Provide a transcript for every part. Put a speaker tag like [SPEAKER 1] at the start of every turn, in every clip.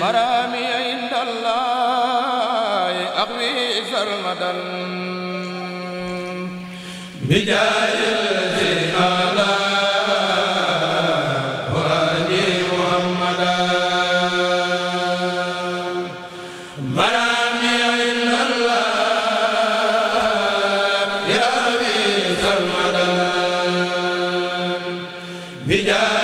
[SPEAKER 1] مرامي عند الله أقوي سرمدا بجاه Bija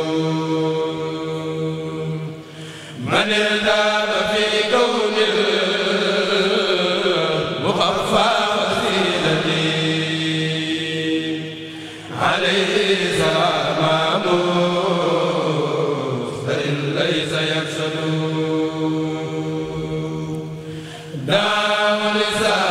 [SPEAKER 1] li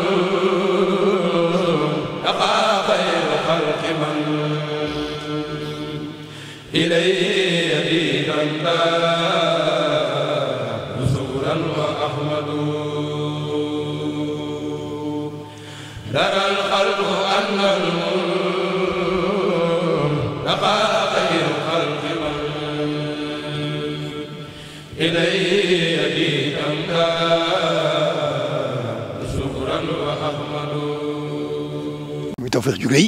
[SPEAKER 1] muy tawfeex ju rëy